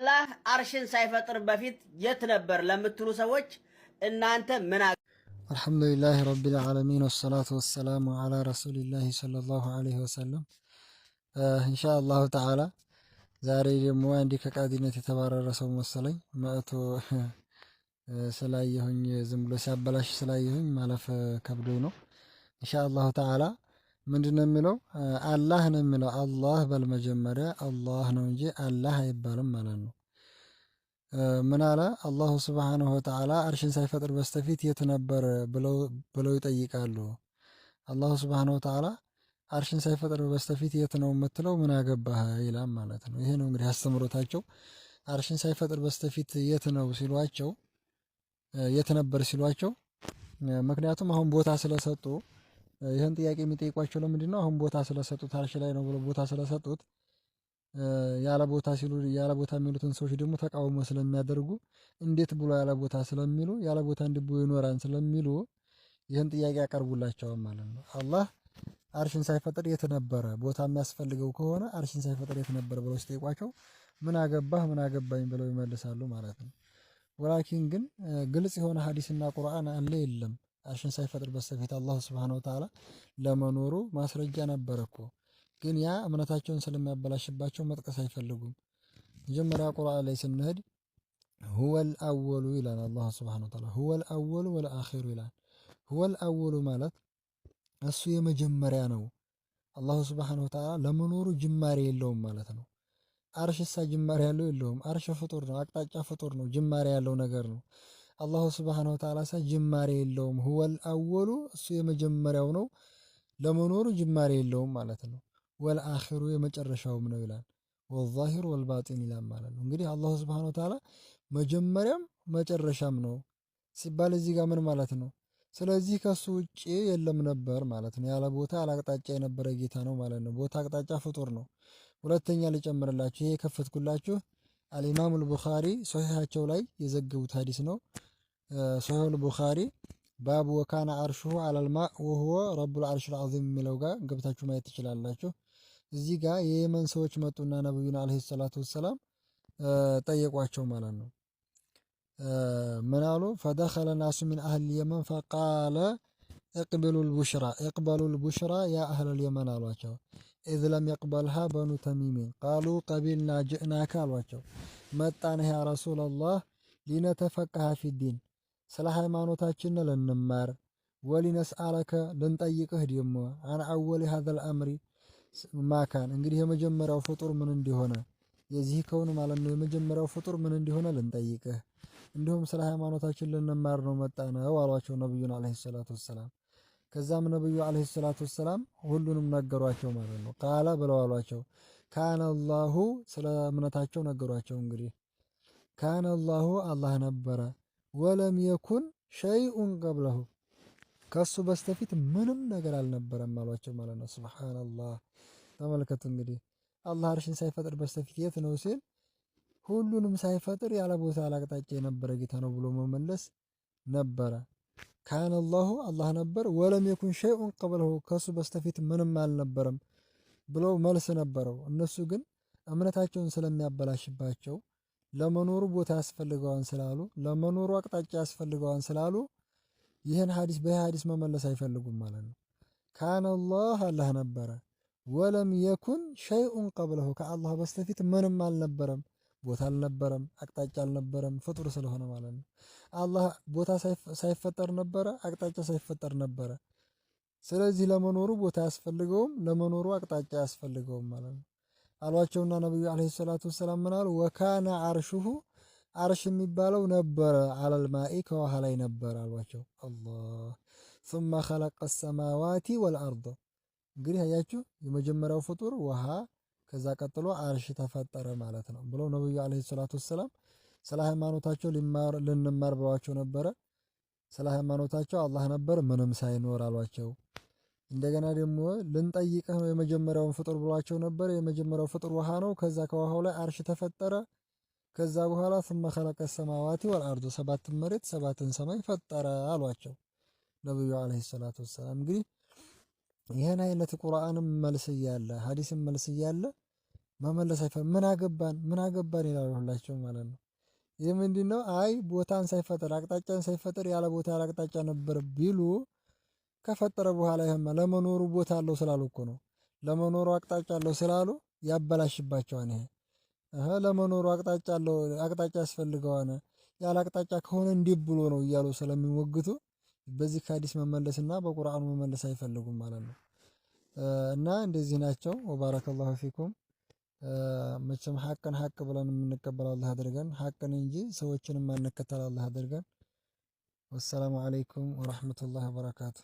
አላህ አርሽን ሳይፈጥር በፊት የት ነበር ለምትሉ ሰዎች እናንተ ምን አልሐምዱሊላህ ረቢል ዓለሚን ወሰላቱ ወሰላሙ ዓላ ረሱሊላህ ሰለላሁ ዓለይሂ ወሰለም። ኢንሻአላሁ ተዓላ ዛሬ ደግሞ እንዲህ ከቃዲነት የተባረረ ሰው መሰለኝ መእቶ ስላየሁኝ ዝም ብሎ ሲያበላሽ ስላየሁኝ ማለፍ ከብዶኝ ነው። ኢንሻአላሁ ተዓላ ምንድነው የሚለው? አላህ ነው የሚለው። አላህ በልመጀመሪያ አላህ ነው እንጂ አላህ አይባልም ማለት ነው። ምን አለ አላሁ ስብሓንሁ ወተዓላ አርሽን ሳይፈጥር በስተፊት የት ነበር ብለው ይጠይቃሉ። አላሁ ስብሓንሁ ወተዓላ አርሽን ሳይፈጥር በስተፊት የት ነው የምትለው ምን አገባህ ይላል ማለት ነው። ይሄ ነው እንግዲህ አስተምሮታቸው። አርሽን ሳይፈጥር በስተፊት የት ነው ሲሏቸው፣ የት ነበር ሲሏቸው፣ ምክንያቱም አሁን ቦታ ስለሰጡ ይህን ጥያቄ የሚጠይቋቸው ለምንድነው? አሁን ቦታ ስለሰጡት አርሽ ላይ ነው ብሎ ቦታ ስለሰጡት ያለ ቦታ ሲሉ ያለ ቦታ የሚሉትን ሰዎች ደግሞ ተቃውሞ ስለሚያደርጉ እንዴት ብሎ ያለ ቦታ ስለሚሉ ያለ ቦታ እንዲቦ ይኖራን ስለሚሉ ይህን ጥያቄ ያቀርቡላቸዋል ማለት ነው። አላህ አርሽን ሳይፈጥር የት ነበረ? ቦታ የሚያስፈልገው ከሆነ አርሽን ሳይፈጥር የት ነበረ ብለው ሲጠይቋቸው ምን አገባህ ምን አገባኝ ብለው ይመልሳሉ ማለት ነው። ወላኪን ግን ግልጽ የሆነ ሀዲስና ቁርአን አለ የለም አርሽን ሳይፈጥር በስተፊት አላሁ ስብሐነሁ ወተዓላ ለመኖሩ ማስረጃ ነበር እኮ። ግን ያ እምነታቸውን ስለሚያበላሽባቸው መጥቀስ አይፈልጉም። መጀመሪያ ቁርአን ላይ ስንሄድ ሁወል አወሉ ይላል አላህ ስብሐነሁ ወተዓላ ሁወል አወሉ ወል አኺሩ ይላል። ሁወል አወሉ ማለት እሱ የመጀመሪያ ነው። አላሁ ስብሐነሁ ወተዓላ ለመኖሩ ጅማሬ የለውም ማለት ነው። አርሽሳ ጅማሬ ያለው የለውም። አርሽ ፍጡር ነው፣ አቅጣጫ ፍጡር ነው፣ ጅማሬ ያለው ነገር ነው። አላሁ ስብሓን ወተዓላ ሳ ጅማሬ የለውም። ሁወል አወሉ እሱ የመጀመሪያው ነው ለመኖሩ ጅማሬ የለውም ማለት ነው። ወል አኺሩ የመጨረሻውም ነው ይላል። ወዛሂር ወልባጢን ይላል ማለት ነው። እንግዲህ አላሁ ስብሓን ወተዓላ መጀመሪያም መጨረሻም ነው ሲባል እዚህ ጋር ምን ማለት ነው? ስለዚህ ከሱ ውጭ የለም ነበር ማለት ነው። ያለ ቦታ ያለ አቅጣጫ የነበረ ጌታ ነው ማለት ነው። ቦታ አቅጣጫ ፍጡር ነው። ሁለተኛ ልጨምርላችሁ፣ ይሄ የከፈትኩላችሁ አልኢማሙል አልቡኻሪ ሶሒሓቸው ላይ የዘገቡት ሀዲስ ነው። ሶሒሑል ቡኻሪ ባብ ወካነ አርሹሁ አላልማ ወሁወ ረቡል አርሽል ዓዚም የሚለው ጋር ገብታችሁ ማየት ትችላላችሁ። እዚህ ጋር የየመን ሰዎች መጡና ነቢዩን አለይሂ ሰላቱ ወሰላም ጠየቋቸው ማለት ነው። ምን አሉ? ፈደኸለ ናሱ ሚን አህል የመን ፈቃለ እቅብሉል ቡሽራ እቅበሉል ቡሽራ ያ አህለል የመን አሏቸው። ኢዝ ለም የቅበልሃ በኑ ተሚሚን ቃሉ ቀቢልና ጅእናከ አሏቸው። መጣንህ ያ ረሱለላህ ሊነተፈቀሃ ፊዲን ስለ ሃይማኖታችን ልንማር ወሊነስአለከ ልንጠይቅህ ደሞ አን አወል ሀዘል አምሪ ማካን እንግዲህ የመጀመሪያው ፍጡር ምን እንዲሆነ የዚህ ከውን ማለት ነው። የመጀመሪያው ፍጡር ምን እንዲሆነ ልንጠይቅህ እንዲሁም ስለ ሃይማኖታችን ልንማር ነው መጣ ነው አሏቸው ነቢዩን አለይሂ ሰላቱ ወሰላም። ከዛም ነቢዩ አለይሂ ሰላቱ ወሰላም ሁሉንም ነገሯቸው ማለት ነው። ቃለ ብለው አሏቸው። ካነ አላሁ ስለ እምነታቸው ነገሯቸው። እንግዲህ ካነ አላሁ አላህ ነበረ ወለም የኩን ሸይኡን ቀብለሁ ከሱ በስተፊት ምንም ነገር አልነበረም አሏቸው ማለት ነው። ሱብሃነላህ ተመልከቱ እንግዲህ አላህ አርሽን ሳይፈጥር በስተፊት የት ነው ሲል ሁሉንም ሳይፈጥር ያለ ቦታ አላቅጣጫ የነበረ ጌታ ነው ብሎ መመለስ ነበረ። ካነ አላሁ አላህ ነበር፣ ወለም የኩን ሸይኡን ቀብለሁ ከሱ በስተፊት ምንም አልነበረም ብለው መልስ ነበረው። እነሱ ግን እምነታቸውን ስለሚያበላሽባቸው ለመኖሩ ቦታ ያስፈልገዋን ስላሉ ለመኖሩ አቅጣጫ ያስፈልገዋን ስላሉ ይህን ሐዲስ በይህ ሀዲስ መመለስ አይፈልጉም ማለት ነው። ካነ አላህ አላህ ነበረ፣ ወለም የኩን ሸይኡን ቀብለሁ ከአላህ በስተፊት ምንም አልነበረም። ቦታ አልነበረም፣ አቅጣጫ አልነበረም። ፍጡር ስለሆነ ማለት ነው። አላህ ቦታ ሳይፈጠር ነበረ፣ አቅጣጫ ሳይፈጠር ነበረ። ስለዚህ ለመኖሩ ቦታ ያስፈልገውም ለመኖሩ አቅጣጫ ያስፈልገውም ማለት ነው። አሏቸውና ነቢዩ ዓለይሂ ሰላቱ ወሰላም ምናሉ ወካነ አርሹሁ አርሽ የሚባለው ነበረ አለልማኢ ከውሃ ላይ ነበር አሏቸው። አላህ ሱመ ኸለቀ ሰማዋቲ ወልአርድ። እንግዲህ አያችሁ የመጀመሪያው ፍጡር ውሃ፣ ከዛ ቀጥሎ አርሽ ተፈጠረ ማለት ነው ብለው ነቢዩ ዓለይሂ ሰላቱ ወሰላም ስለ ሃይማኖታቸው ልንማር ብለዋቸው ነበረ። ስለ ሃይማኖታቸው አላህ ነበር ምንም ሳይኖር አሏቸው። እንደገና ደግሞ ልንጠይቅህ ነው የመጀመሪያውን ፍጡር ብሏቸው ነበር። የመጀመሪያው ፍጡር ውሃ ነው። ከዛ ከውሃው ላይ አርሽ ተፈጠረ። ከዛ በኋላ ስመ خلق ሰማዋቲ ወልአርዶ ሰባትን መሬት ሰባትን ሰማይ ፈጠረ አሏቸው ነቢዩ አለይሂ ሰላቱ ወሰላም። እንግዲህ ይህን አይነት ቁርአንም መልስ እያለ ሀዲስም መልስ እያለ መመለስ አይፈ ምን አገባን ምን አገባን ይላሉ ሁላቸው ማለት ነው። ይህ ምንድነው? አይ ቦታን ሳይፈጠር አቅጣጫን ሳይፈጠር ያለ ቦታ ያለ አቅጣጫ ነበር ቢሉ ከፈጠረ በኋላ ይሄማ ለመኖሩ ቦታ አለው ስላሉ እኮ ነው። ለመኖሩ አቅጣጫ አለው ስላሉ ያበላሽባቸዋል። ይሄ ለመኖሩ አቅጣጫ አለው አቅጣጫ ያስፈልገዋል። ያለ አቅጣጫ ከሆነ እንዲህ ብሎ ነው እያሉ ስለሚሞግቱ በዚህ ከሐዲስ መመለስና በቁርአኑ መመለስ አይፈልጉም ማለት ነው። እና እንደዚህ ናቸው። ወባረከላሁ ፊኩም። መቼም ሀቅን ሀቅ ብለን የምንቀበል አላህ አድርገን፣ ሀቅን እንጂ ሰዎችን የማንከተል አላህ አድርገን። ወሰላሙ አለይኩም ወራህመቱላሂ ወበረካቱ።